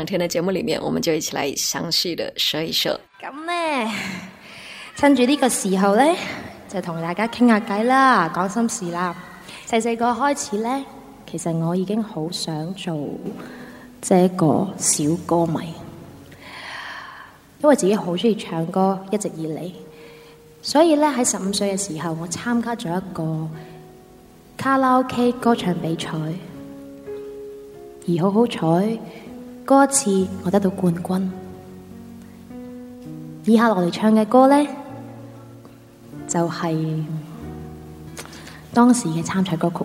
兩天的節目裏面，我們就一起來詳細的說一說。咁呢，趁住呢個時候呢，就同大家傾下偈啦，講心事啦。細細個開始呢，其實我已經好想做即係一個小歌迷，因為自己好中意唱歌，一直以嚟。所以呢，喺十五歲嘅時候，我參加咗一個卡拉 OK 歌唱比賽，而好好彩。嗰次我得到冠軍，以下落嚟唱嘅歌咧，就係當時嘅參賽歌曲。